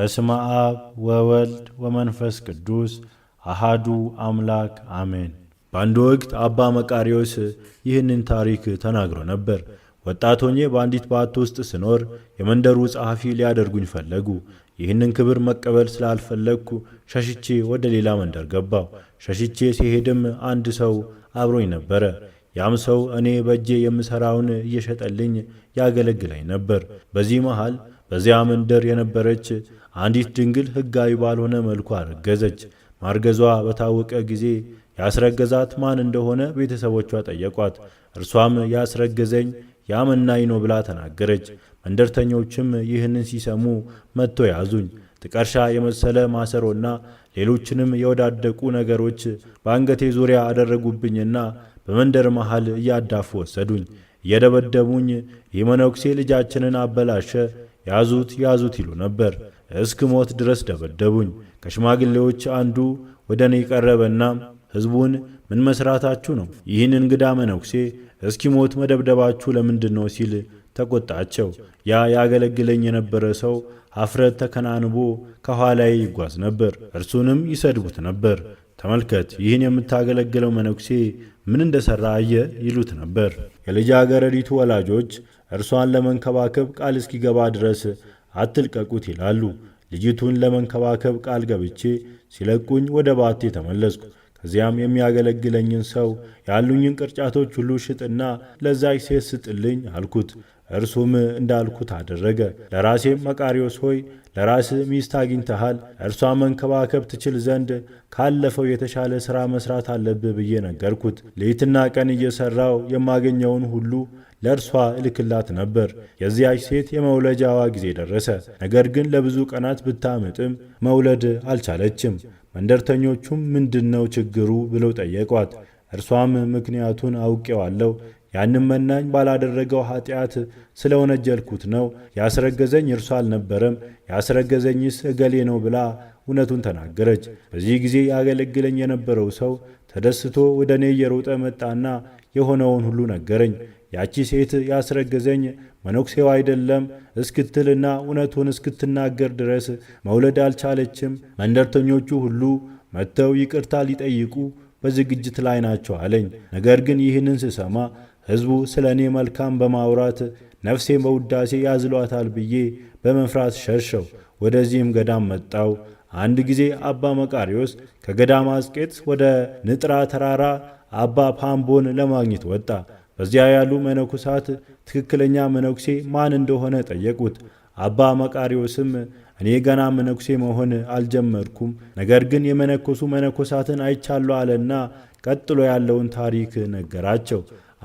በስመ አብ ወወልድ ወመንፈስ ቅዱስ አሃዱ አምላክ አሜን። በአንድ ወቅት አባ መቃሪዎስ ይህንን ታሪክ ተናግሮ ነበር። ወጣት ሆኜ በአንዲት ባት ውስጥ ስኖር የመንደሩ ጸሐፊ ሊያደርጉኝ ፈለጉ። ይህንን ክብር መቀበል ስላልፈለግኩ ሸሽቼ ወደ ሌላ መንደር ገባው። ሸሽቼ ሲሄድም አንድ ሰው አብሮኝ ነበረ። ያም ሰው እኔ በእጄ የምሠራውን እየሸጠልኝ ያገለግለኝ ነበር። በዚህ መሃል በዚያ መንደር የነበረች አንዲት ድንግል ሕጋዊ ባልሆነ መልኩ አረገዘች። ማርገዟ በታወቀ ጊዜ ያስረገዛት ማን እንደሆነ ቤተሰቦቿ ጠየቋት። እርሷም ያስረገዘኝ ያመናኝ ነው ብላ ተናገረች። መንደርተኞችም ይህንን ሲሰሙ መጥቶ ያዙኝ። ጥቀርሻ የመሰለ ማሰሮና ሌሎችንም የወዳደቁ ነገሮች በአንገቴ ዙሪያ አደረጉብኝና በመንደር መሃል እያዳፉ ወሰዱኝ። እየደበደቡኝ ይህ መነኩሴ ልጃችንን አበላሸ ያዙት ያዙት ይሉ ነበር። እስክ ሞት ድረስ ደበደቡኝ። ከሽማግሌዎች አንዱ ወደ እኔ ቀረበና ሕዝቡን ምን መሥራታችሁ ነው? ይህን እንግዳ መነኩሴ እስኪሞት መደብደባችሁ ለምንድን ነው? ሲል ተቆጣቸው። ያ ያገለግለኝ የነበረ ሰው አፍረት ተከናንቦ ከኋላዬ ይጓዝ ነበር። እርሱንም ይሰድቡት ነበር። ተመልከት ይህን የምታገለግለው መነኩሴ ምን እንደሠራ አየ ይሉት ነበር። የልጃገረዲቱ ወላጆች እርሷን ለመንከባከብ ቃል እስኪገባ ድረስ አትልቀቁት ይላሉ። ልጅቱን ለመንከባከብ ቃል ገብቼ ሲለቁኝ ወደ ባቴ ተመለስኩ። ከዚያም የሚያገለግለኝን ሰው ያሉኝን ቅርጫቶች ሁሉ ሽጥና ለዛች ሴት ስጥልኝ አልኩት። እርሱም እንዳልኩት አደረገ። ለራሴም መቃሪዎስ ሆይ ለራስ ሚስት አግኝተሃል፣ እርሷን መንከባከብ ትችል ዘንድ ካለፈው የተሻለ ሥራ መሥራት አለብህ ብዬ ነገርኩት። ሌትና ቀን እየሠራው የማገኘውን ሁሉ ለእርሷ እልክላት ነበር። የዚያች ሴት የመውለጃዋ ጊዜ ደረሰ። ነገር ግን ለብዙ ቀናት ብታምጥም መውለድ አልቻለችም። መንደርተኞቹም ምንድነው ችግሩ ብለው ጠየቋት። እርሷም ምክንያቱን አውቄዋለሁ ያንም መናኝ ባላደረገው ኃጢአት ስለ ወነጀልኩት ነው። ያስረገዘኝ እርሱ አልነበረም፣ ያስረገዘኝስ እገሌ ነው ብላ እውነቱን ተናገረች። በዚህ ጊዜ ያገለግለኝ የነበረው ሰው ተደስቶ ወደ እኔ እየሮጠ መጣና የሆነውን ሁሉ ነገረኝ። ያቺ ሴት ያስረገዘኝ መነኩሴው አይደለም እስክትልና እውነቱን እስክትናገር ድረስ መውለድ አልቻለችም። መንደርተኞቹ ሁሉ መጥተው ይቅርታ ሊጠይቁ በዝግጅት ላይ ናቸው አለኝ። ነገር ግን ይህንን ስሰማ ሕዝቡ ስለ እኔ መልካም በማውራት ነፍሴን በውዳሴ ያዝሏታል ብዬ በመፍራት ሸሸው። ወደዚህም ገዳም መጣው። አንድ ጊዜ አባ መቃሪዎስ ከገዳም አስቄጥስ ወደ ንጥራ ተራራ አባ ፓምቦን ለማግኘት ወጣ። በዚያ ያሉ መነኩሳት ትክክለኛ መነኩሴ ማን እንደሆነ ጠየቁት። አባ መቃሪዎስም እኔ ገና መነኩሴ መሆን አልጀመርኩም፣ ነገር ግን የመነኮሱ መነኮሳትን አይቻሉ አለና ቀጥሎ ያለውን ታሪክ ነገራቸው።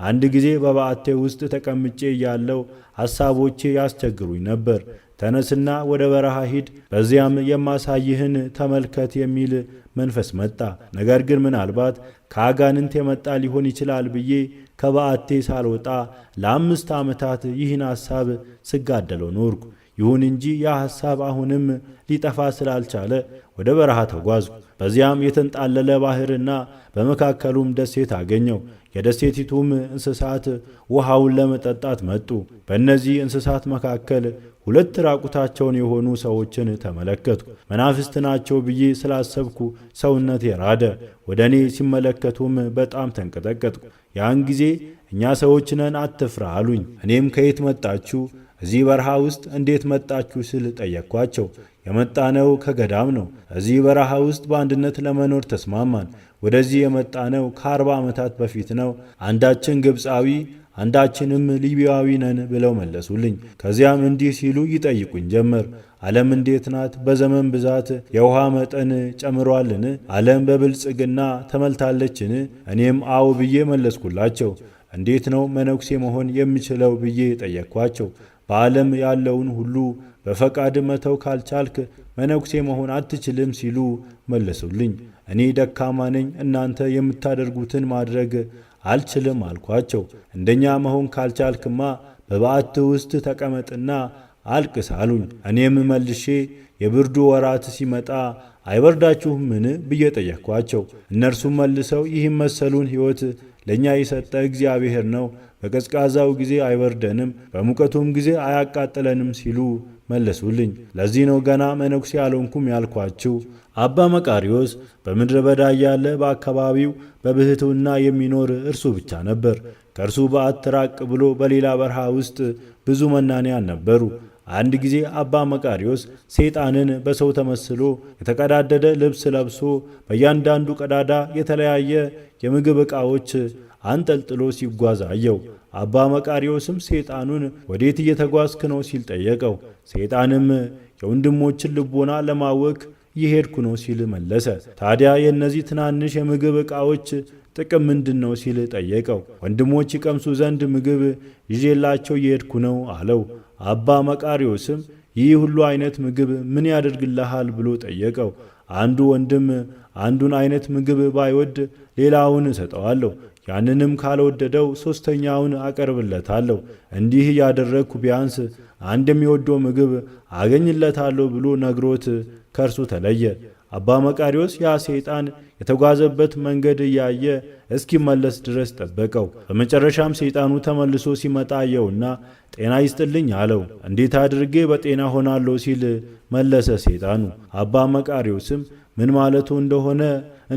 አንድ ጊዜ በባዕቴ ውስጥ ተቀምጬ እያለው ሐሳቦቼ ያስቸግሩኝ ነበር። ተነስና ወደ በረሃ ሂድ፣ በዚያም የማሳይህን ተመልከት የሚል መንፈስ መጣ። ነገር ግን ምናልባት ከአጋንንት የመጣ ሊሆን ይችላል ብዬ ከበዓቴ ሳልወጣ ለአምስት ዓመታት ይህን ሐሳብ ስጋደለው ኖርኩ። ይሁን እንጂ ያ ሐሳብ አሁንም ሊጠፋ ስላልቻለ ወደ በረሃ ተጓዝኩ። በዚያም የተንጣለለ ባሕርና በመካከሉም ደሴት አገኘው። የደሴቲቱም እንስሳት ውሃውን ለመጠጣት መጡ። በእነዚህ እንስሳት መካከል ሁለት ራቁታቸውን የሆኑ ሰዎችን ተመለከትኩ። መናፍስት ናቸው ብዬ ስላሰብኩ ሰውነት የራደ፣ ወደ እኔ ሲመለከቱም በጣም ተንቀጠቀጥኩ። ያን ጊዜ እኛ ሰዎች ነን አትፍራ አሉኝ። እኔም ከየት መጣችሁ እዚህ በረሃ ውስጥ እንዴት መጣችሁ ስል ጠየቅኳቸው። የመጣነው ከገዳም ነው። እዚህ በረሃ ውስጥ በአንድነት ለመኖር ተስማማን። ወደዚህ የመጣነው ከአርባ ዓመታት በፊት ነው። አንዳችን ግብፃዊ አንዳችንም ሊቢያዊ ነን ብለው መለሱልኝ። ከዚያም እንዲህ ሲሉ ይጠይቁኝ ጀመር። ዓለም እንዴት ናት? በዘመን ብዛት የውሃ መጠን ጨምሯልን? ዓለም በብልጽግና ተመልታለችን እኔም አዎ ብዬ መለስኩላቸው። እንዴት ነው መነኩሴ መሆን የምችለው ብዬ ጠየቅኳቸው። በዓለም ያለውን ሁሉ በፈቃድ መተው ካልቻልክ መነኩሴ መሆን አትችልም ሲሉ መለሱልኝ። እኔ ደካማ ነኝ፣ እናንተ የምታደርጉትን ማድረግ አልችልም አልኳቸው። እንደኛ መሆን ካልቻልክማ በበዓት ውስጥ ተቀመጥና አልቅስ አሉኝ። እኔም መልሼ የብርዱ ወራት ሲመጣ አይበርዳችሁምን ብዬ ጠየቅኳቸው። እነርሱም መልሰው ይህም መሰሉን ሕይወት ለእኛ የሰጠ እግዚአብሔር ነው፣ በቀዝቃዛው ጊዜ አይበርደንም፣ በሙቀቱም ጊዜ አያቃጥለንም ሲሉ መለሱልኝ። ለዚህ ነው ገና መነኩሴ አልሆንኩም ያልኳችሁ። አባ መቃሪዎስ በምድረ በዳ እያለ በአካባቢው በብህትውና የሚኖር እርሱ ብቻ ነበር። ከእርሱ በአት ራቅ ብሎ በሌላ በረሃ ውስጥ ብዙ መናንያን ነበሩ። አንድ ጊዜ አባ መቃሪዎስ ሰይጣንን በሰው ተመስሎ የተቀዳደደ ልብስ ለብሶ በእያንዳንዱ ቀዳዳ የተለያየ የምግብ ዕቃዎች አንጠልጥሎ ሲጓዝ አየው። አባ መቃሪዎስም ሰይጣኑን ወዴት እየተጓዝክ ነው ሲል ጠየቀው። ሰይጣንም የወንድሞችን ልቦና ለማወክ እየሄድኩ ነው ሲል መለሰ። ታዲያ የእነዚህ ትናንሽ የምግብ ዕቃዎች ጥቅም ምንድን ነው ሲል ጠየቀው። ወንድሞች ይቀምሱ ዘንድ ምግብ ይዤላቸው እየሄድኩ ነው አለው። አባ መቃሪዎስም ይህ ሁሉ አይነት ምግብ ምን ያደርግልሃል ብሎ ጠየቀው። አንዱ ወንድም አንዱን አይነት ምግብ ባይወድ ሌላውን እሰጠዋለሁ፣ ያንንም ካልወደደው ሦስተኛውን አቀርብለታለሁ። እንዲህ እያደረግኩ ቢያንስ አንድ የሚወደው ምግብ አገኝለታለሁ ብሎ ነግሮት ከእርሱ ተለየ። አባ መቃሪዎስ ያ ሰይጣን የተጓዘበት መንገድ እያየ እስኪመለስ ድረስ ጠበቀው። በመጨረሻም ሰይጣኑ ተመልሶ ሲመጣ አየውና ጤና ይስጥልኝ አለው። እንዴት አድርጌ በጤና ሆናለሁ ሲል መለሰ ሰይጣኑ። አባ መቃሪዎስም ምን ማለቱ እንደሆነ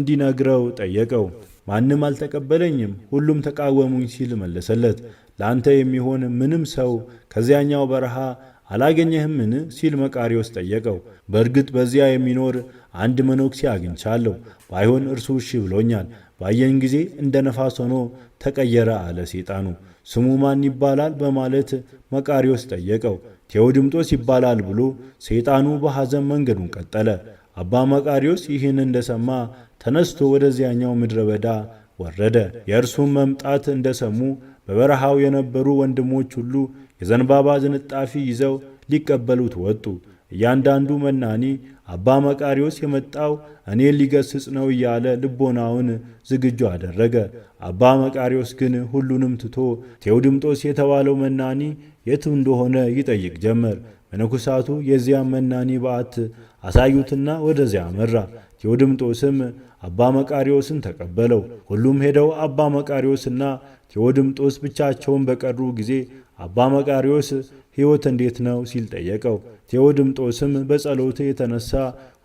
እንዲነግረው ጠየቀው። ማንም አልተቀበለኝም፣ ሁሉም ተቃወሙኝ ሲል መለሰለት። ለአንተ የሚሆን ምንም ሰው ከዚያኛው በረሃ አላገኘህምን? ሲል መቃሪዎስ ጠየቀው። በእርግጥ በዚያ የሚኖር አንድ መነኩሴ አግኝቻለሁ፣ ባይሆን እርሱ እሺ ብሎኛል። ባየን ጊዜ እንደ ነፋስ ሆኖ ተቀየረ አለ ሰይጣኑ። ስሙ ማን ይባላል? በማለት መቃሪዎስ ጠየቀው። ቴዎድምጦስ ይባላል ብሎ ሰይጣኑ በሐዘን መንገዱን ቀጠለ። አባ መቃሪዎስ ይህን እንደሰማ ተነስቶ ወደዚያኛው ምድረ በዳ ወረደ። የእርሱም መምጣት እንደሰሙ በበረሃው የነበሩ ወንድሞች ሁሉ የዘንባባ ዝንጣፊ ይዘው ሊቀበሉት ወጡ። እያንዳንዱ መናኒ አባ መቃሪዎስ የመጣው እኔ ሊገስጽ ነው እያለ ልቦናውን ዝግጁ አደረገ። አባ መቃሪዎስ ግን ሁሉንም ትቶ ቴዎድምጦስ የተባለው መናኒ የቱ እንደሆነ ይጠይቅ ጀመር። በንኩሳቱ የዚያም መናኒ በዓት አሳዩትና ወደዚያ አመራ። ቴዎድምጦስም አባ መቃሪዎስን ተቀበለው። ሁሉም ሄደው አባ መቃሪዎስና ቴዎድምጦስ ብቻቸውን በቀሩ ጊዜ አባ መቃሪዎስ ሕይወት እንዴት ነው ሲል ጠየቀው። ቴዎድምጦስም በጸሎት የተነሳ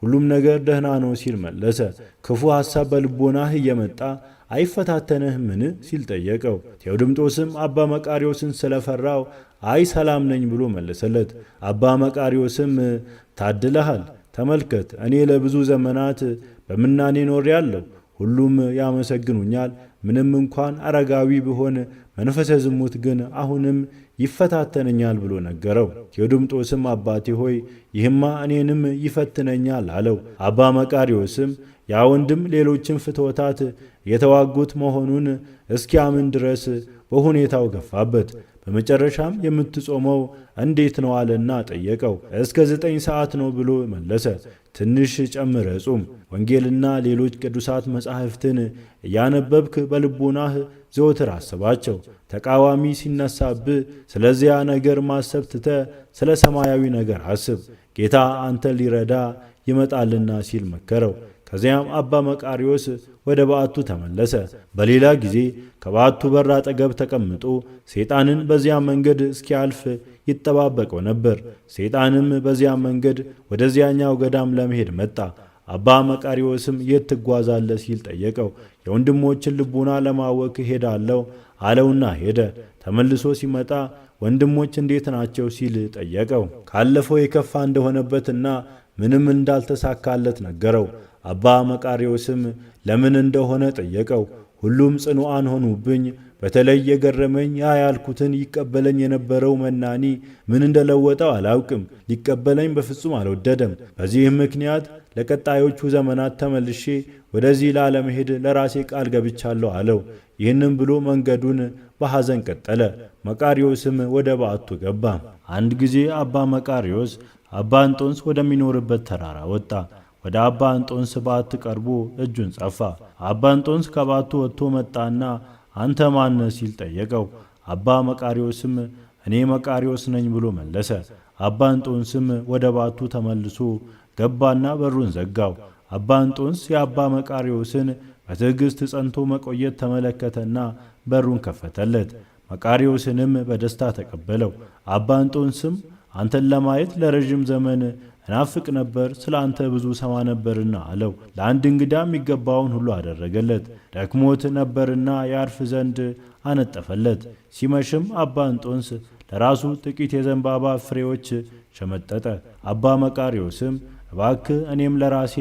ሁሉም ነገር ደህና ነው ሲል መለሰ። ክፉ ሐሳብ በልቦናህ እየመጣ ምን ሲል ጠየቀው። ቴዎድምጦስም አባ መቃሪዎስን ስለፈራው አይ ሰላም ነኝ ብሎ መለሰለት። አባ መቃሪዎስም ታድለሃል ተመልከት፣ እኔ ለብዙ ዘመናት በምናኔ ኖሬአለሁ። ሁሉም ያመሰግኑኛል። ምንም እንኳን አረጋዊ ብሆን መንፈሰ ዝሙት ግን አሁንም ይፈታተነኛል ብሎ ነገረው። ቴዎድምጦስም አባቴ ሆይ ይህማ እኔንም ይፈትነኛል አለው። አባ መቃሪዎስም ያ ወንድም ሌሎችን ፍትወታት የተዋጉት መሆኑን እስኪያምን ድረስ በሁኔታው ገፋበት። በመጨረሻም የምትጾመው እንዴት ነው አለና ጠየቀው። እስከ ዘጠኝ ሰዓት ነው ብሎ መለሰ። ትንሽ ጨምረ ጹም። ወንጌልና ሌሎች ቅዱሳት መጻሕፍትን እያነበብክ በልቦናህ ዘወትር አስባቸው። ተቃዋሚ ሲነሳብህ ስለዚያ ነገር ማሰብ ትተ ስለ ሰማያዊ ነገር አስብ፣ ጌታ አንተ ሊረዳ ይመጣልና ሲል መከረው። ከዚያም አባ መቃሪዎስ ወደ በዓቱ ተመለሰ። በሌላ ጊዜ ከበዓቱ በር አጠገብ ተቀምጦ ሰይጣንን በዚያ መንገድ እስኪያልፍ ይጠባበቀው ነበር። ሰይጣንም በዚያ መንገድ ወደዚያኛው ገዳም ለመሄድ መጣ። አባ መቃሪዎስም የት ትጓዛለ ሲል ጠየቀው። የወንድሞችን ልቡና ለማወክ ሄዳለው አለውና ሄደ። ተመልሶ ሲመጣ ወንድሞች እንዴት ናቸው ሲል ጠየቀው። ካለፈው የከፋ እንደሆነበትና ምንም እንዳልተሳካለት ነገረው። አባ መቃሪዎስም ለምን እንደሆነ ጠየቀው። ሁሉም ጽኑዓን ሆኑብኝ። በተለይ የገረመኝ ያ ያልኩትን ይቀበለኝ የነበረው መናኒ ምን እንደለወጠው አላውቅም። ሊቀበለኝ በፍጹም አልወደደም። በዚህም ምክንያት ለቀጣዮቹ ዘመናት ተመልሼ ወደዚህ ላለመሄድ ለራሴ ቃል ገብቻለሁ አለው። ይህንም ብሎ መንገዱን በሐዘን ቀጠለ። መቃሪዎስም ወደ በዓቱ ገባ። አንድ ጊዜ አባ መቃሪዎስ አባ እንጦንስ ወደሚኖርበት ተራራ ወጣ። ወደ አባ እንጦንስ ባት ቀርቦ እጁን ጸፋ። አባ እንጦንስ ከባቱ ወጥቶ መጣና አንተ ማነ ሲል ጠየቀው። አባ መቃሪዎስም እኔ መቃሪዎስ ነኝ ብሎ መለሰ። አባ እንጦንስም ወደ ባቱ ተመልሶ ገባና በሩን ዘጋው። አባ እንጦንስ የአባ መቃሪዎስን በትዕግሥት ጸንቶ መቆየት ተመለከተና በሩን ከፈተለት። መቃሪዎስንም በደስታ ተቀበለው። አባ እንጦንስም አንተን ለማየት ለረዥም ዘመን እናፍቅ ነበር፣ ስለ አንተ ብዙ ሰማ ነበርና አለው። ለአንድ እንግዳ የሚገባውን ሁሉ አደረገለት። ደክሞት ነበርና ያርፍ ዘንድ አነጠፈለት። ሲመሽም አባ እንጦንስ ለራሱ ጥቂት የዘንባባ ፍሬዎች ሸመጠጠ። አባ መቃሪዎስም እባክ እኔም ለራሴ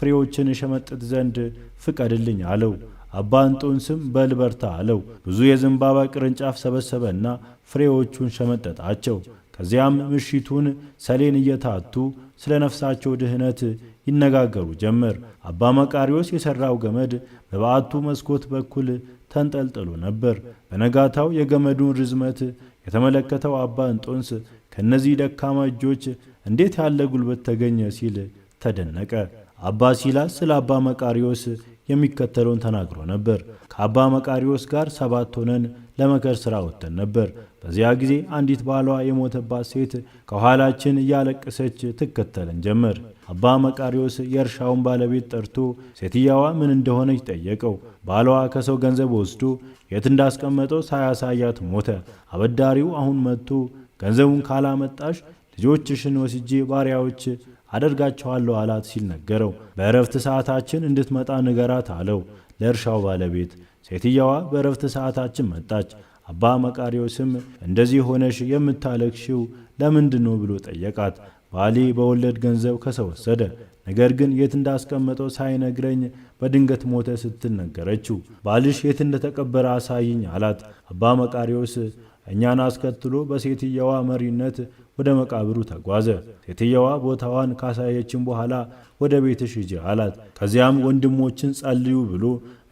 ፍሬዎችን እሸመጥጥ ዘንድ ፍቀድልኝ አለው። አባ እንጦንስም በልበርታ አለው። ብዙ የዘንባባ ቅርንጫፍ ሰበሰበና ፍሬዎቹን ሸመጠጣቸው። ከዚያም ምሽቱን ሰሌን እየታቱ ስለ ነፍሳቸው ድህነት ይነጋገሩ ጀመር። አባ መቃሪዎስ የሠራው ገመድ በበዓቱ መስኮት በኩል ተንጠልጥሎ ነበር። በነጋታው የገመዱን ርዝመት የተመለከተው አባ እንጦንስ ከእነዚህ ደካማ እጆች እንዴት ያለ ጉልበት ተገኘ ሲል ተደነቀ። አባ ሲላስ ስለ አባ መቃሪዎስ የሚከተለውን ተናግሮ ነበር። ከአባ መቃሪዎስ ጋር ሰባት ሆነን ለመከር ስራ ወጥተን ነበር። በዚያ ጊዜ አንዲት ባሏ የሞተባት ሴት ከኋላችን እያለቀሰች ትከተለን ጀመር። አባ መቃሪዎስ የእርሻውን ባለቤት ጠርቶ ሴትየዋ ምን እንደሆነች ጠየቀው። ባሏ ከሰው ገንዘብ ወስዶ የት እንዳስቀመጠው ሳያሳያት ሞተ። አበዳሪው አሁን መጥቶ ገንዘቡን ካላመጣሽ ልጆችሽን ወስጄ ባሪያዎች አደርጋቸዋለሁ አላት ሲል ነገረው። በእረፍት ሰዓታችን እንድትመጣ ንገራት አለው ለእርሻው ባለቤት ሴትየዋ በእረፍት ሰዓታችን መጣች። አባ መቃሪዎስም እንደዚህ ሆነሽ የምታለቅሽው ለምንድን ነው ብሎ ጠየቃት። ባሌ በወለድ ገንዘብ ከሰው ወሰደ፣ ነገር ግን የት እንዳስቀመጠው ሳይነግረኝ በድንገት ሞተ ስትል ነገረችው። ባልሽ የት እንደተቀበረ አሳይኝ አላት። አባ መቃሪዎስ እኛን አስከትሎ በሴትየዋ መሪነት ወደ መቃብሩ ተጓዘ። ሴትየዋ ቦታዋን ካሳየችን በኋላ ወደ ቤትሽ ሂጂ አላት። ከዚያም ወንድሞችን ጸልዩ ብሎ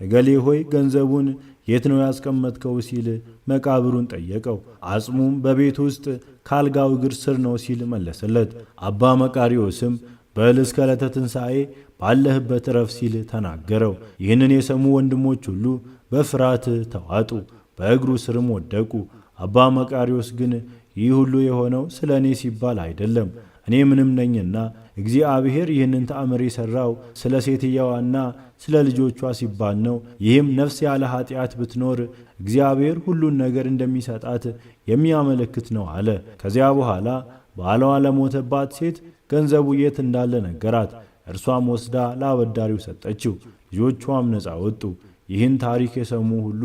እገሌ ሆይ ገንዘቡን የት ነው ያስቀመጥከው ሲል መቃብሩን ጠየቀው። አጽሙም በቤት ውስጥ ካልጋው እግር ስር ነው ሲል መለሰለት። አባ መቃሪዎስም በል እስከ ዕለተ ትንሣኤ ባለህበት ረፍ ሲል ተናገረው። ይህንን የሰሙ ወንድሞች ሁሉ በፍርሃት ተዋጡ፣ በእግሩ ስርም ወደቁ። አባ መቃሪዎስ ግን ይህ ሁሉ የሆነው ስለ እኔ ሲባል አይደለም፣ እኔ ምንም ነኝና እግዚአብሔር ይህንን ተአምር የሠራው ስለ ሴትየዋና ስለ ልጆቿ ሲባል ነው። ይህም ነፍስ ያለ ኃጢአት ብትኖር እግዚአብሔር ሁሉን ነገር እንደሚሰጣት የሚያመለክት ነው አለ። ከዚያ በኋላ ባለዋ ለሞተባት ሴት ገንዘቡ የት እንዳለ ነገራት። እርሷም ወስዳ ለአበዳሪው ሰጠችው። ልጆቿም ነፃ ወጡ። ይህን ታሪክ የሰሙ ሁሉ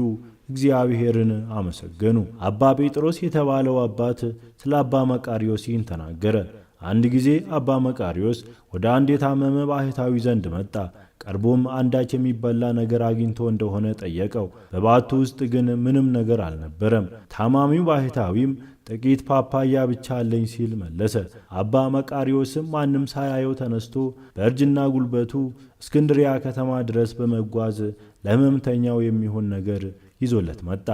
እግዚአብሔርን አመሰገኑ። አባ ጴጥሮስ የተባለው አባት ስለ አባ መቃርዮስ ይህን ተናገረ። አንድ ጊዜ አባ መቃርዮስ ወደ አንድ የታመመ ባህታዊ ዘንድ መጣ። ቀርቦም አንዳች የሚበላ ነገር አግኝቶ እንደሆነ ጠየቀው። በባቱ ውስጥ ግን ምንም ነገር አልነበረም። ታማሚው ባህታዊም ጥቂት ፓፓያ ብቻ አለኝ ሲል መለሰ። አባ መቃርዮስም ማንም ሳያየው ተነስቶ በእርጅና ጉልበቱ እስክንድሪያ ከተማ ድረስ በመጓዝ ለሕመምተኛው የሚሆን ነገር ይዞለት መጣ።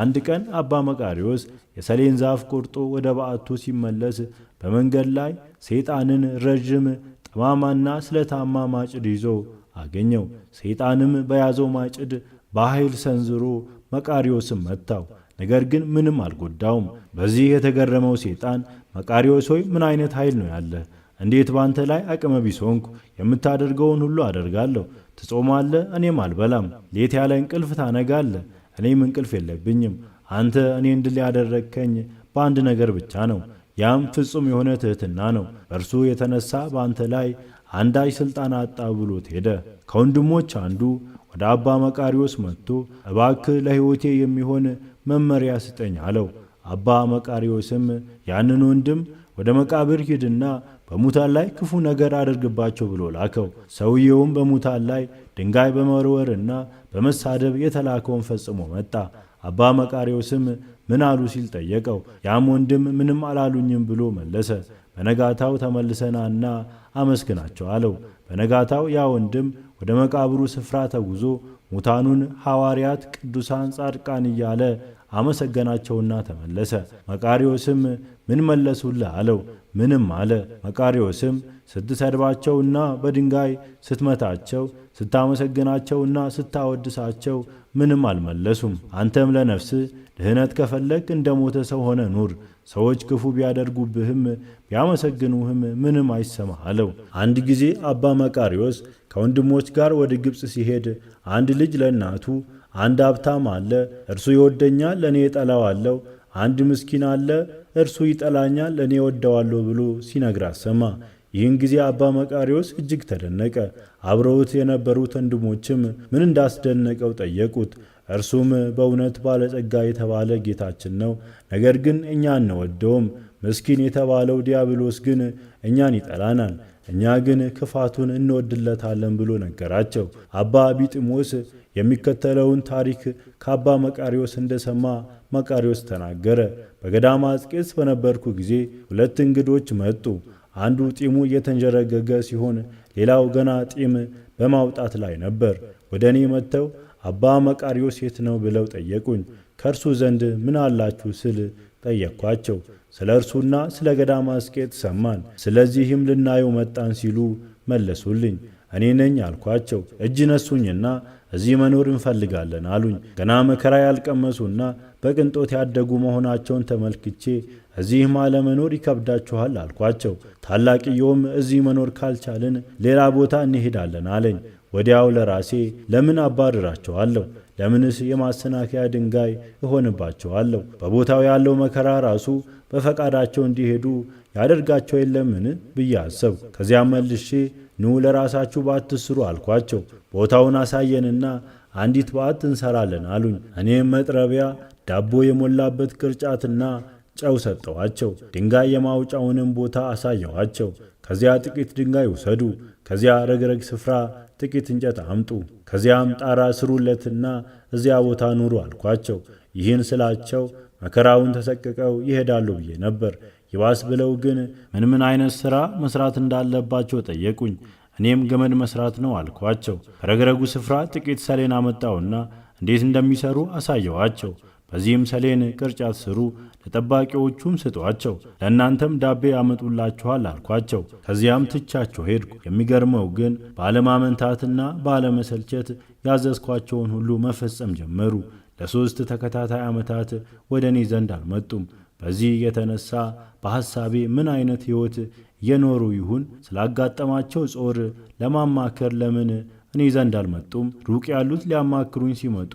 አንድ ቀን አባ መቃሪዎስ የሰሌን ዛፍ ቆርጦ ወደ በዓቱ ሲመለስ በመንገድ ላይ ሰይጣንን ረዥም ጠማማና ስለታማ ማጭድ ይዞ አገኘው። ሰይጣንም በያዘው ማጭድ በኃይል ሰንዝሮ መቃሪዎስም መታው። ነገር ግን ምንም አልጎዳውም። በዚህ የተገረመው ሰይጣን መቃሪዎስ ሆይ ምን አይነት ኃይል ነው ያለህ? እንዴት ባንተ ላይ አቅመ ቢስ ሆንኩ? የምታደርገውን ሁሉ አደርጋለሁ። ትጾማለህ፣ እኔም አልበላም። ሌት ያለ እንቅልፍ ታነጋለህ እኔም እንቅልፍ የለብኝም። አንተ እኔ እንድል ያደረግከኝ በአንድ ነገር ብቻ ነው። ያም ፍጹም የሆነ ትሕትና ነው። በእርሱ የተነሳ በአንተ ላይ አንዳች ሥልጣን አጣ ብሎት ሄደ። ከወንድሞች አንዱ ወደ አባ መቃሪዎስ መጥቶ እባክህ ለሕይወቴ የሚሆን መመሪያ ስጠኝ አለው። አባ መቃሪዎስም ያንን ወንድም ወደ መቃብር ሂድና በሙታን ላይ ክፉ ነገር አድርግባቸው ብሎ ላከው። ሰውየውም በሙታን ላይ ድንጋይ በመወርወርና በመሳደብ የተላከውን ፈጽሞ መጣ። አባ መቃሪዎስም ምን አሉ ሲል ጠየቀው። ያም ወንድም ምንም አላሉኝም ብሎ መለሰ። በነጋታው ተመልሰናና አመስግናቸው አለው። በነጋታው ያ ወንድም ወደ መቃብሩ ስፍራ ተጉዞ ሙታኑን ሐዋርያት፣ ቅዱሳን፣ ጻድቃን እያለ አመሰገናቸውና ተመለሰ። መቃሪዎስም ምን መለሱልህ አለው። ምንም አለ። መቃሪዎስም ስትሰድባቸውና በድንጋይ ስትመታቸው ስታመሰግናቸውና ስታወድሳቸው ምንም አልመለሱም። አንተም ለነፍስ ድህነት ከፈለግ እንደ ሞተ ሰው ሆነ ኑር። ሰዎች ክፉ ቢያደርጉብህም ቢያመሰግኑህም ምንም አይሰማ አለው። አንድ ጊዜ አባ መቃሪዎስ ከወንድሞች ጋር ወደ ግብፅ ሲሄድ አንድ ልጅ ለእናቱ አንድ ሀብታም አለ፣ እርሱ ይወደኛል፣ ለእኔ እጠላዋለሁ አንድ ምስኪን አለ እርሱ ይጠላኛል፣ እኔ ወደዋለሁ ብሎ ሲነግራት ሰማ። ይህን ጊዜ አባ መቃሪዎስ እጅግ ተደነቀ። አብረውት የነበሩት ወንድሞችም ምን እንዳስደነቀው ጠየቁት። እርሱም በእውነት ባለጸጋ የተባለ ጌታችን ነው፣ ነገር ግን እኛ አንወደውም። ምስኪን የተባለው ዲያብሎስ ግን እኛን ይጠላናል፣ እኛ ግን ክፋቱን እንወድለታለን ብሎ ነገራቸው። አባ ቢጥሞስ የሚከተለውን ታሪክ ከአባ መቃሪዎስ እንደሰማ መቃሪዎስ ተናገረ። በገዳማ አስቄት በነበርኩ ጊዜ ሁለት እንግዶች መጡ። አንዱ ጢሙ እየተንዠረገገ ሲሆን፣ ሌላው ገና ጢም በማውጣት ላይ ነበር። ወደ እኔ መጥተው አባ መቃሪዎስ የት ነው ብለው ጠየቁኝ። ከእርሱ ዘንድ ምን አላችሁ ስል ጠየቅኳቸው። ስለ እርሱና ስለ ገዳማ አስቄት ሰማን፣ ስለዚህም ልናየው መጣን ሲሉ መለሱልኝ። እኔ ነኝ አልኳቸው። እጅ ነሱኝና እዚህ መኖር እንፈልጋለን አሉኝ። ገና መከራ ያልቀመሱና በቅንጦት ያደጉ መሆናቸውን ተመልክቼ እዚህ አለመኖር ይከብዳችኋል አልኳቸው። ታላቅየውም እዚህ መኖር ካልቻልን ሌላ ቦታ እንሄዳለን አለኝ። ወዲያው ለራሴ ለምን አባርራቸዋለሁ? ለምንስ የማሰናከያ ድንጋይ እሆንባቸዋለሁ? በቦታው ያለው መከራ ራሱ በፈቃዳቸው እንዲሄዱ ያደርጋቸው የለምን ብዬ አሰብኩ። ከዚያም መልሼ ኑ ለራሳችሁ በዓት ትስሩ አልኳቸው። ቦታውን አሳየንና አንዲት በዓት እንሰራለን አሉኝ። እኔም መጥረቢያ፣ ዳቦ የሞላበት ቅርጫትና ጨው ሰጠኋቸው። ድንጋይ የማውጫውንም ቦታ አሳየኋቸው። ከዚያ ጥቂት ድንጋይ ውሰዱ፣ ከዚያ ረግረግ ስፍራ ጥቂት እንጨት አምጡ፣ ከዚያም ጣራ ስሩለትና እዚያ ቦታ ኑሩ አልኳቸው። ይህን ስላቸው መከራውን ተሰቅቀው ይሄዳሉ ብዬ ነበር። ይባስ ብለው ግን ምን ምን አይነት ሥራ መሥራት እንዳለባቸው ጠየቁኝ። እኔም ገመድ መሥራት ነው አልኳቸው። ከረግረጉ ስፍራ ጥቂት ሰሌን አመጣውና እንዴት እንደሚሰሩ አሳየዋቸው። በዚህም ሰሌን ቅርጫት ስሩ፣ ለጠባቂዎቹም ስጧቸው፣ ለእናንተም ዳቤ ያመጡላችኋል አልኳቸው። ከዚያም ትቻቸው ሄድኩ። የሚገርመው ግን ባለማመንታትና ባለመሰልቸት ያዘዝኳቸውን ሁሉ መፈጸም ጀመሩ። ለሦስት ተከታታይ ዓመታት ወደ እኔ ዘንድ አልመጡም። በዚህ የተነሳ በሐሳቤ ምን አይነት ሕይወት የኖሩ ይሁን? ስላጋጠማቸው ጾር ለማማከር ለምን እኔ ዘንድ አልመጡም? ሩቅ ያሉት ሊያማክሩኝ ሲመጡ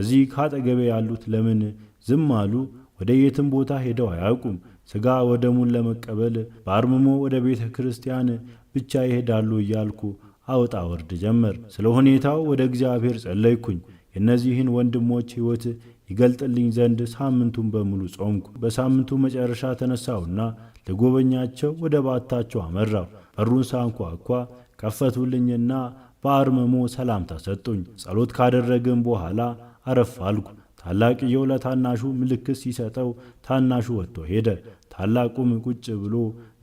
እዚህ ካጠገቤ ያሉት ለምን ዝም አሉ? ወደ የትም ቦታ ሄደው አያውቁም። ሥጋ ወደሙን ለመቀበል በአርምሞ ወደ ቤተ ክርስቲያን ብቻ ይሄዳሉ እያልኩ አውጣ ወርድ ጀመር። ስለ ሁኔታው ወደ እግዚአብሔር ጸለይኩኝ። የእነዚህን ወንድሞች ሕይወት ይገልጥልኝ ዘንድ ሳምንቱን በሙሉ ጾምኩ። በሳምንቱ መጨረሻ ተነሳሁና ልጎበኛቸው ወደ ባታቸው አመራሁ። በሩን ሳንኳኳ ከፈቱልኝና በአርመሞ ሰላምታ ሰጡኝ። ጸሎት ካደረግን በኋላ አረፍ አልኩ። ታላቅየው ለታናሹ ምልክት ሲሰጠው ታናሹ ወጥቶ ሄደ። ታላቁም ቁጭ ብሎ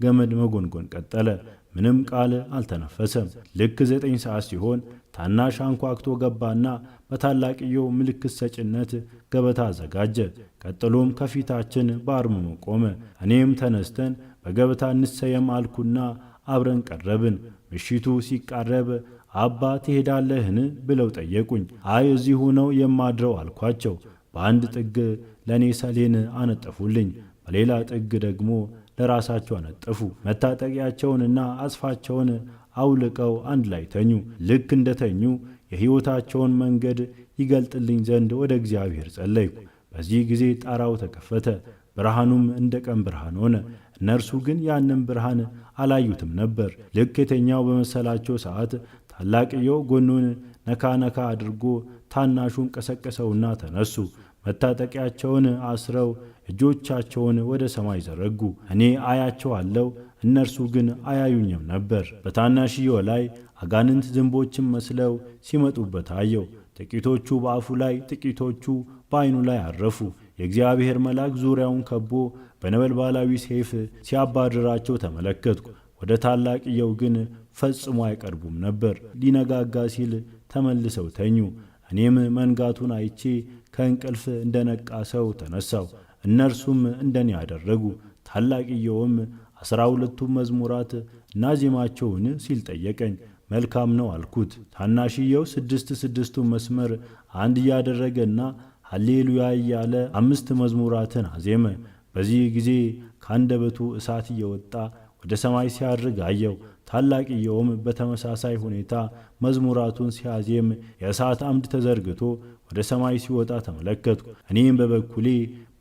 ገመድ መጎንጎን ቀጠለ። ምንም ቃል አልተነፈሰም። ልክ ዘጠኝ ሰዓት ሲሆን ታናሽ አንኳክቶ ገባና በታላቅየው ምልክት ሰጭነት ገበታ አዘጋጀ። ቀጥሎም ከፊታችን በአርምሞ ቆመ። እኔም ተነስተን በገበታ እንሰየም አልኩና አብረን ቀረብን። ምሽቱ ሲቃረብ አባ ትሄዳለህን ብለው ጠየቁኝ። አይ እዚሁ ነው የማድረው አልኳቸው። በአንድ ጥግ ለእኔ ሰሌን አነጠፉልኝ፣ በሌላ ጥግ ደግሞ ለራሳቸው አነጠፉ። መታጠቂያቸውንና አጽፋቸውን አውልቀው አንድ ላይ ተኙ። ልክ እንደተኙ የሕይወታቸውን መንገድ ይገልጥልኝ ዘንድ ወደ እግዚአብሔር ጸለይኩ። በዚህ ጊዜ ጣራው ተከፈተ፣ ብርሃኑም እንደ ቀን ብርሃን ሆነ። እነርሱ ግን ያንን ብርሃን አላዩትም ነበር። ልክ የተኛው በመሰላቸው ሰዓት ታላቅየው ጎኑን ነካ ነካ አድርጎ ታናሹን ቀሰቀሰውና ተነሱ። መታጠቂያቸውን አስረው እጆቻቸውን ወደ ሰማይ ዘረጉ። እኔ አያቸዋለሁ፣ እነርሱ ግን አያዩኝም ነበር። በታናሽየው ላይ አጋንንት ዝንቦችን መስለው ሲመጡበት አየው። ጥቂቶቹ በአፉ ላይ ጥቂቶቹ በዓይኑ ላይ አረፉ። የእግዚአብሔር መልአክ ዙሪያውን ከቦ በነበልባላዊ ሰይፍ ሲያባድራቸው ተመለከትኩ። ወደ ታላቅየው ግን ፈጽሞ አይቀርቡም ነበር። ሊነጋጋ ሲል ተመልሰው ተኙ። እኔም መንጋቱን አይቼ ከእንቅልፍ እንደነቃ ሰው ተነሳው። እነርሱም እንደኔ ያደረጉ። ታላቅየውም አስራ ሁለቱ መዝሙራት ናዜማቸውን ሲል ጠየቀኝ። መልካም ነው አልኩት። ታናሽየው ስድስት ስድስቱ መስመር አንድ እያደረገና ሀሌሉያ እያለ አምስት መዝሙራትን አዜመ። በዚህ ጊዜ ከአንደበቱ እሳት እየወጣ ወደ ሰማይ ሲያድርግ አየው። ታላቅየውም በተመሳሳይ ሁኔታ መዝሙራቱን ሲያዜም የእሳት አምድ ተዘርግቶ ወደ ሰማይ ሲወጣ ተመለከትኩ። እኔም በበኩሌ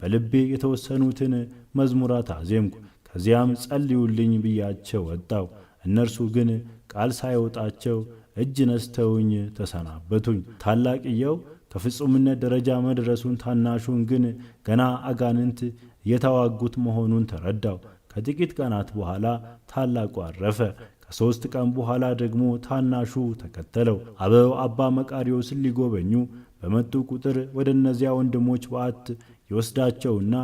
በልቤ የተወሰኑትን መዝሙራት አዜምኩ። ከዚያም ጸልዩልኝ ብያቸው ወጣው። እነርሱ ግን ቃል ሳይወጣቸው እጅ ነስተውኝ ተሰናበቱኝ። ታላቅየው ከፍጹምነት ደረጃ መድረሱን ታናሹን ግን ገና አጋንንት የተዋጉት መሆኑን ተረዳው። ከጥቂት ቀናት በኋላ ታላቁ አረፈ። ከሦስት ቀን በኋላ ደግሞ ታናሹ ተከተለው። አበው አባ መቃሪዎስን ሊጎበኙ በመጡ ቁጥር ወደ እነዚያ ወንድሞች በዓት ይወስዳቸውና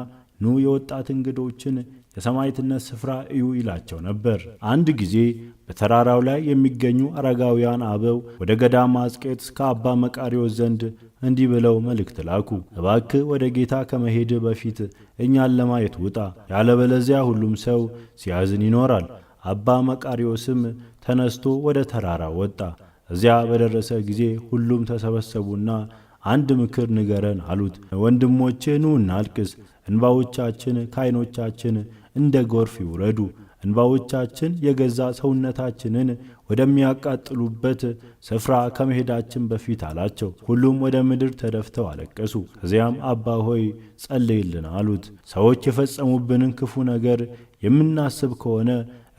ኑ የወጣት እንግዶችን የሰማይትነት ስፍራ እዩ ይላቸው ነበር። አንድ ጊዜ በተራራው ላይ የሚገኙ አረጋውያን አበው ወደ ገዳማ አስቄጥስ ከአባ መቃሪዎስ ዘንድ እንዲህ ብለው መልእክት ላኩ። እባክ ወደ ጌታ ከመሄድ በፊት እኛን ለማየት ውጣ፣ ያለበለዚያ ሁሉም ሰው ሲያዝን ይኖራል። አባ መቃሪዎስም ተነስቶ ወደ ተራራ ወጣ። እዚያ በደረሰ ጊዜ ሁሉም ተሰበሰቡና አንድ ምክር ንገረን አሉት። ወንድሞቼ ኑ እናልቅስ፣ እንባዎቻችን ከዓይኖቻችን እንደ ጎርፍ ይውረዱ። እንባዎቻችን የገዛ ሰውነታችንን ወደሚያቃጥሉበት ስፍራ ከመሄዳችን በፊት አላቸው። ሁሉም ወደ ምድር ተደፍተው አለቀሱ። ከዚያም አባ ሆይ ጸልይልን አሉት። ሰዎች የፈጸሙብንን ክፉ ነገር የምናስብ ከሆነ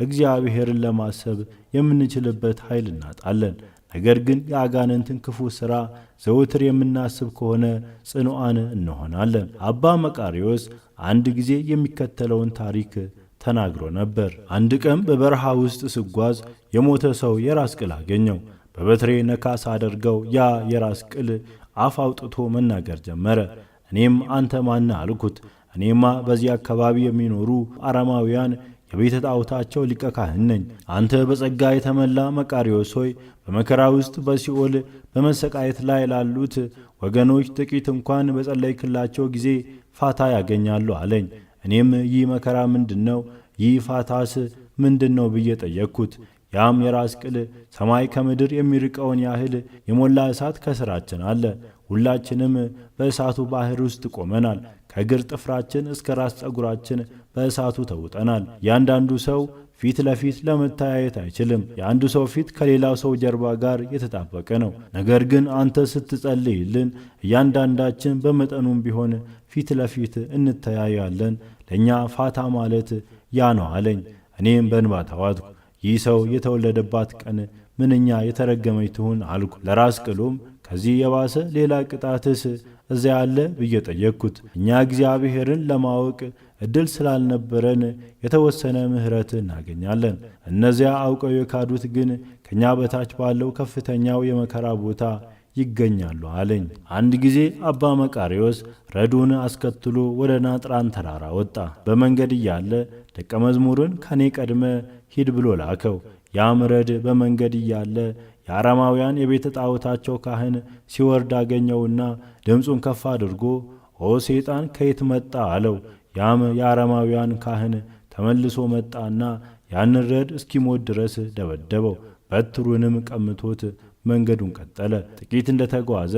እግዚአብሔርን ለማሰብ የምንችልበት ኃይል እናጣለን። ነገር ግን የአጋንንትን ክፉ ሥራ ዘውትር የምናስብ ከሆነ ጽኑዓን እንሆናለን። አባ መቃሪዎስ አንድ ጊዜ የሚከተለውን ታሪክ ተናግሮ ነበር። አንድ ቀን በበረሃ ውስጥ ስጓዝ የሞተ ሰው የራስ ቅል አገኘው። በበትሬ ነካስ አደርገው ያ የራስ ቅል አፍ አውጥቶ መናገር ጀመረ። እኔም አንተ ማን አልኩት። እኔማ በዚህ አካባቢ የሚኖሩ አረማውያን ከቤተ ጣዖታቸው ሊቀ ካህን ነኝ። አንተ በጸጋ የተመላ መቃሪዎስ ሆይ በመከራ ውስጥ በሲኦል በመሰቃየት ላይ ላሉት ወገኖች ጥቂት እንኳን በጸለይክላቸው ጊዜ ፋታ ያገኛሉ አለኝ። እኔም ይህ መከራ ምንድን ነው? ይህ ፋታስ ምንድን ነው ብዬ ጠየቅኩት። ያም የራስ ቅል ሰማይ ከምድር የሚርቀውን ያህል የሞላ እሳት ከስራችን አለ። ሁላችንም በእሳቱ ባህር ውስጥ ቆመናል። ከእግር ጥፍራችን እስከ ራስ ጸጉራችን በእሳቱ ተውጠናል። ያንዳንዱ ሰው ፊት ለፊት ለመታያየት አይችልም። የአንዱ ሰው ፊት ከሌላው ሰው ጀርባ ጋር የተጣበቀ ነው። ነገር ግን አንተ ስትጸልይልን እያንዳንዳችን በመጠኑም ቢሆን ፊት ለፊት እንተያያለን። ለእኛ ፋታ ማለት ያ ነው አለኝ። እኔም በእንባ ተዋጥኩ። ይህ ሰው የተወለደባት ቀን ምንኛ የተረገመች ትሁን አልኩ። ለራስ ቅሉም ከዚህ የባሰ ሌላ ቅጣትስ እዚያ ያለ ብዬ ጠየቅኩት። እኛ እግዚአብሔርን ለማወቅ እድል ስላልነበረን የተወሰነ ምሕረት እናገኛለን። እነዚያ አውቀው የካዱት ግን ከእኛ በታች ባለው ከፍተኛው የመከራ ቦታ ይገኛሉ አለኝ። አንድ ጊዜ አባ መቃሪዎስ ረዱን አስከትሎ ወደ ናጥራን ተራራ ወጣ። በመንገድ እያለ ደቀ መዝሙርን ከኔ ቀድመ ሂድ ብሎ ላከው። ያም ረድ በመንገድ እያለ የአረማውያን የቤተ ጣዖታቸው ካህን ሲወርድ አገኘውና ድምፁን ከፍ አድርጎ ኦ ሰይጣን ከየት መጣ አለው። ያም የአረማውያን ካህን ተመልሶ መጣና ያንን ረድ እስኪሞት ድረስ ደበደበው። በትሩንም ቀምቶት መንገዱን ቀጠለ። ጥቂት እንደተጓዘ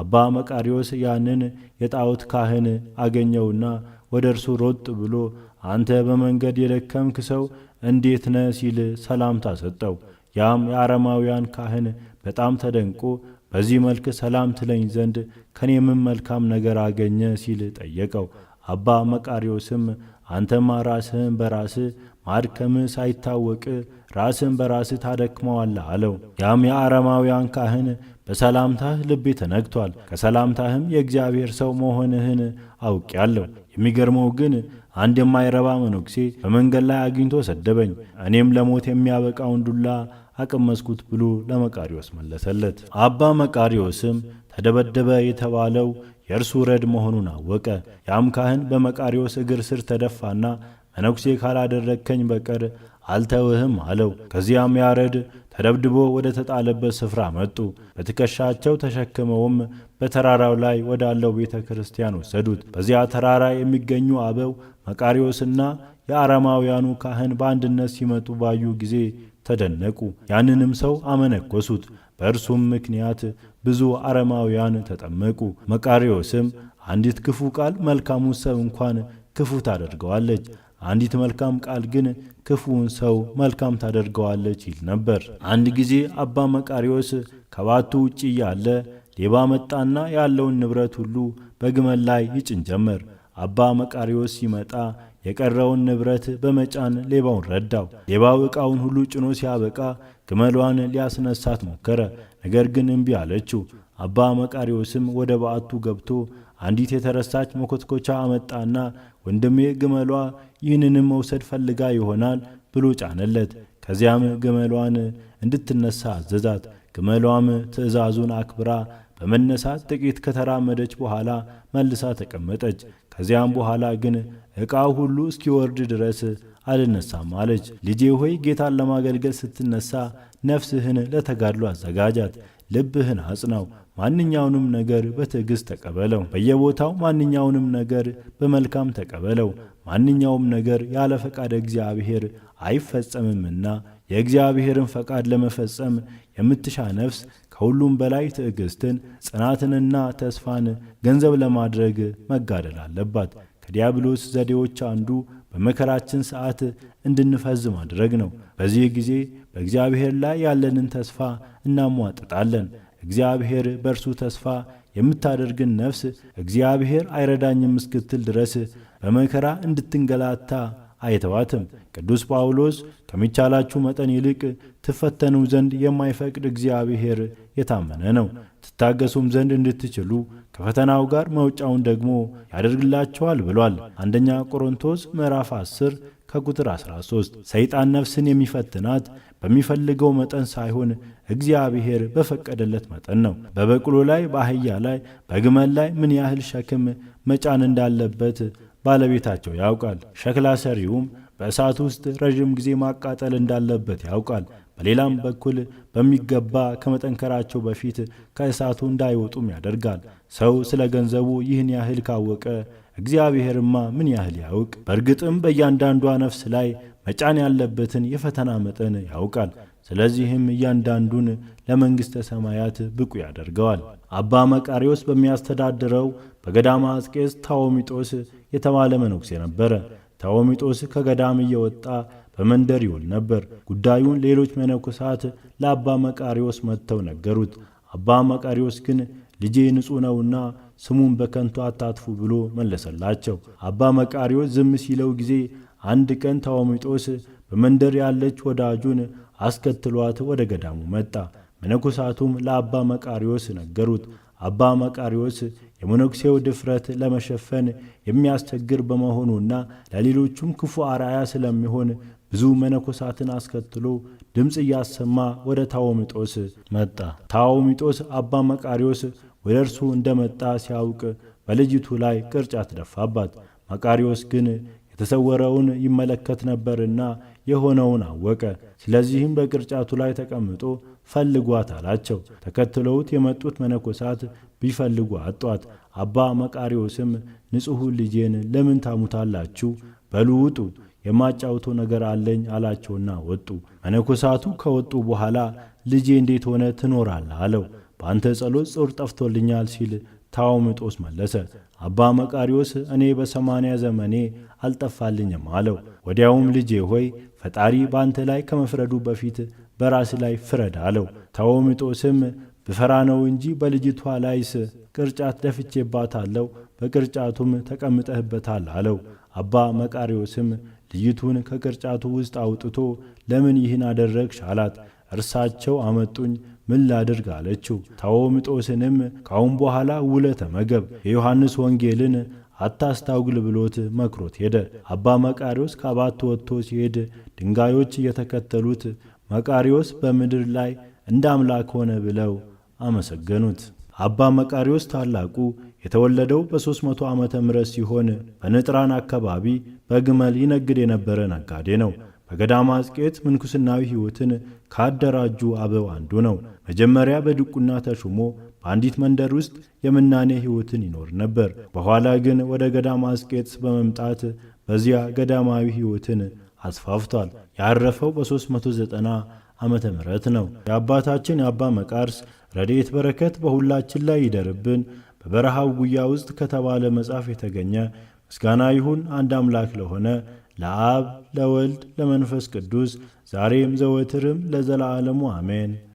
አባ መቃሪዎስ ያንን የጣዖት ካህን አገኘውና ወደ እርሱ ሮጥ ብሎ አንተ በመንገድ የደከምክ ሰው እንዴት ነ ሲል ሰላምታ ሰጠው። ያም የአረማውያን ካህን በጣም ተደንቆ በዚህ መልክ ሰላም ትለኝ ዘንድ ከኔ ምን መልካም ነገር አገኘ ሲል ጠየቀው። አባ መቃሪዎስም አንተማ ራስህን በራስህ ማድከምህ ሳይታወቅ ራስህን በራስህ ታደክመዋለህ አለው። ያም የአረማውያን ካህን በሰላምታህ ልቤ ተነግቷል፣ ከሰላምታህም የእግዚአብሔር ሰው መሆንህን አውቄአለሁ። የሚገርመው ግን አንድ የማይረባ መነኩሴ በመንገድ ላይ አግኝቶ ሰደበኝ፣ እኔም ለሞት የሚያበቃውን ዱላ አቀመስኩት ብሎ ለመቃሪዎስ መለሰለት። አባ መቃሪዎስም ተደበደበ የተባለው የእርሱ ረድ መሆኑን አወቀ። ያም ካህን በመቃሪዎስ እግር ስር ተደፋና መነኩሴ ካላደረግከኝ በቀር አልተውህም አለው። ከዚያም ያረድ ተደብድቦ ወደ ተጣለበት ስፍራ መጡ። በትከሻቸው ተሸክመውም በተራራው ላይ ወዳለው ቤተ ክርስቲያን ወሰዱት። በዚያ ተራራ የሚገኙ አበው መቃሪዎስና የአረማውያኑ ካህን በአንድነት ሲመጡ ባዩ ጊዜ ተደነቁ። ያንንም ሰው አመነኮሱት። በእርሱም ምክንያት ብዙ አረማውያን ተጠመቁ። መቃሪዎስም አንዲት ክፉ ቃል መልካሙን ሰው እንኳን ክፉ ታደርገዋለች፣ አንዲት መልካም ቃል ግን ክፉውን ሰው መልካም ታደርገዋለች ይል ነበር። አንድ ጊዜ አባ መቃሪዎስ ከባቱ ውጭ እያለ ሌባ መጣና ያለውን ንብረት ሁሉ በግመል ላይ ይጭን ጀመር። አባ መቃሪዎስ ሲመጣ የቀረውን ንብረት በመጫን ሌባውን ረዳው። ሌባው ዕቃውን ሁሉ ጭኖ ሲያበቃ ግመሏን ሊያስነሳት ሞከረ። ነገር ግን እምቢ አለችው። አባ መቃሪዎስም ወደ በዓቱ ገብቶ አንዲት የተረሳች መኮትኮቻ አመጣና ወንድሜ ግመሏ ይህንንም መውሰድ ፈልጋ ይሆናል ብሎ ጫነለት። ከዚያም ግመሏን እንድትነሳ አዘዛት። ግመሏም ትእዛዙን አክብራ በመነሳት ጥቂት ከተራመደች በኋላ መልሳ ተቀመጠች። ከዚያም በኋላ ግን ዕቃው ሁሉ እስኪወርድ ድረስ አልነሳም አለች። ልጄ ሆይ ጌታን ለማገልገል ስትነሳ ነፍስህን ለተጋድሎ አዘጋጃት፣ ልብህን አጽናው። ማንኛውንም ነገር በትዕግሥት ተቀበለው። በየቦታው ማንኛውንም ነገር በመልካም ተቀበለው። ማንኛውም ነገር ያለ ፈቃድ እግዚአብሔር አይፈጸምምና የእግዚአብሔርን ፈቃድ ለመፈጸም የምትሻ ነፍስ ከሁሉም በላይ ትዕግስትን፣ ጽናትንና ተስፋን ገንዘብ ለማድረግ መጋደል አለባት። ከዲያብሎስ ዘዴዎች አንዱ በመከራችን ሰዓት እንድንፈዝም ማድረግ ነው። በዚህ ጊዜ በእግዚአብሔር ላይ ያለንን ተስፋ እናሟጥጣለን። እግዚአብሔር በእርሱ ተስፋ የምታደርግን ነፍስ እግዚአብሔር አይረዳኝም እስክትል ድረስ በመከራ እንድትንገላታ አይተዋትም። ቅዱስ ጳውሎስ ከሚቻላችሁ መጠን ይልቅ ትፈተኑ ዘንድ የማይፈቅድ እግዚአብሔር የታመነ ነው፣ ትታገሱም ዘንድ እንድትችሉ ከፈተናው ጋር መውጫውን ደግሞ ያደርግላቸዋል ብሏል። አንደኛ ቆሮንቶስ ምዕራፍ 10 ከቁጥር 13 ሰይጣን ነፍስን የሚፈትናት በሚፈልገው መጠን ሳይሆን እግዚአብሔር በፈቀደለት መጠን ነው። በበቅሎ ላይ፣ በአህያ ላይ፣ በግመል ላይ ምን ያህል ሸክም መጫን እንዳለበት ባለቤታቸው ያውቃል። ሸክላ ሰሪውም በእሳት ውስጥ ረዥም ጊዜ ማቃጠል እንዳለበት ያውቃል። በሌላም በኩል በሚገባ ከመጠንከራቸው በፊት ከእሳቱ እንዳይወጡም ያደርጋል። ሰው ስለ ገንዘቡ ይህን ያህል ካወቀ እግዚአብሔርማ ምን ያህል ያውቅ? በእርግጥም በእያንዳንዷ ነፍስ ላይ መጫን ያለበትን የፈተና መጠን ያውቃል። ስለዚህም እያንዳንዱን ለመንግሥተ ሰማያት ብቁ ያደርገዋል። አባ መቃሪዎስ በሚያስተዳድረው በገዳማ አስቄስ ታዎሚጦስ የተባለ መነኩሴ ነበረ። ታዎሚጦስ ከገዳም እየወጣ በመንደር ይውል ነበር። ጉዳዩን ሌሎች መነኮሳት ለአባ መቃሪዎስ መጥተው ነገሩት። አባ መቃሪዎስ ግን ልጄ ንጹሕ ነውና ስሙን በከንቱ አታጥፉ ብሎ መለሰላቸው። አባ መቃሪዎስ ዝም ሲለው ጊዜ አንድ ቀን ታዋሚጦስ በመንደር ያለች ወዳጁን አስከትሏት ወደ ገዳሙ መጣ። መነኮሳቱም ለአባ መቃሪዎስ ነገሩት። አባ መቃሪዎስ የመነኩሴው ድፍረት ለመሸፈን የሚያስቸግር በመሆኑና ለሌሎቹም ክፉ አርአያ ስለሚሆን ብዙ መነኮሳትን አስከትሎ ድምፅ እያሰማ ወደ ታዎሚጦስ መጣ። ታዎሚጦስ አባ መቃሪዎስ ወደ እርሱ እንደመጣ ሲያውቅ በልጅቱ ላይ ቅርጫት ደፋባት። መቃሪዎስ ግን የተሰወረውን ይመለከት ነበርና የሆነውን አወቀ። ስለዚህም በቅርጫቱ ላይ ተቀምጦ ፈልጓት አላቸው። ተከትለውት የመጡት መነኮሳት ቢፈልጉ አጧት። አባ መቃሪዎስም ንጹሑን ልጄን ለምን ታሙታላችሁ? በሉ ውጡ የማጫውተው ነገር አለኝ አላቸውና ወጡ። መነኮሳቱ ከወጡ በኋላ ልጄ እንዴት ሆነ ትኖራለህ አለው። በአንተ ጸሎት ጾር ጠፍቶልኛል ሲል ታውምጦስ መለሰ። አባ መቃሪዎስ እኔ በሰማንያ ዘመኔ አልጠፋልኝም አለው። ወዲያውም ልጄ ሆይ ፈጣሪ በአንተ ላይ ከመፍረዱ በፊት በራስ ላይ ፍረድ አለው። ታውምጦስም ብፈራ ነው እንጂ በልጅቷ ላይስ ቅርጫት ደፍቼባታለሁ፣ በቅርጫቱም ተቀምጠህበታል አለው። አባ መቃሪዎስም ልጅቱን ከቅርጫቱ ውስጥ አውጥቶ ለምን ይህን አደረግሽ አላት። እርሳቸው አመጡኝ፣ ምን ላድርግ አለችው። ታዎምጦስንም ካሁን በኋላ ውለ ተመገብ፣ የዮሐንስ ወንጌልን አታስታውግል ብሎት መክሮት ሄደ። አባ መቃሪዎስ ከአባት ወጥቶ ሲሄድ ድንጋዮች የተከተሉት መቃሪዎስ በምድር ላይ እንደ አምላክ ሆነ ብለው አመሰገኑት። አባ መቃሪዎስ ታላቁ የተወለደው በ300 ዓመተ ምህረት ሲሆን በንጥራን አካባቢ በግመል ይነግድ የነበረ ነጋዴ ነው። በገዳማ አስቄት ምንኩስናዊ ሕይወትን ካደራጁ አበው አንዱ ነው። መጀመሪያ በድቁና ተሾሞ በአንዲት መንደር ውስጥ የምናኔ ሕይወትን ይኖር ነበር። በኋላ ግን ወደ ገዳማ አስቄት በመምጣት በዚያ ገዳማዊ ሕይወትን አስፋፍቷል። ያረፈው በ390 ዓመተ ምህረት ነው። የአባታችን የአባ መቃርስ ረድኤት በረከት በሁላችን ላይ ይደርብን። በበረሃው ጉያ ውስጥ ከተባለ መጽሐፍ የተገኘ ምስጋና ይሁን አንድ አምላክ ለሆነ ለአብ ለወልድ ለመንፈስ ቅዱስ ዛሬም ዘወትርም ለዘላለሙ አሜን።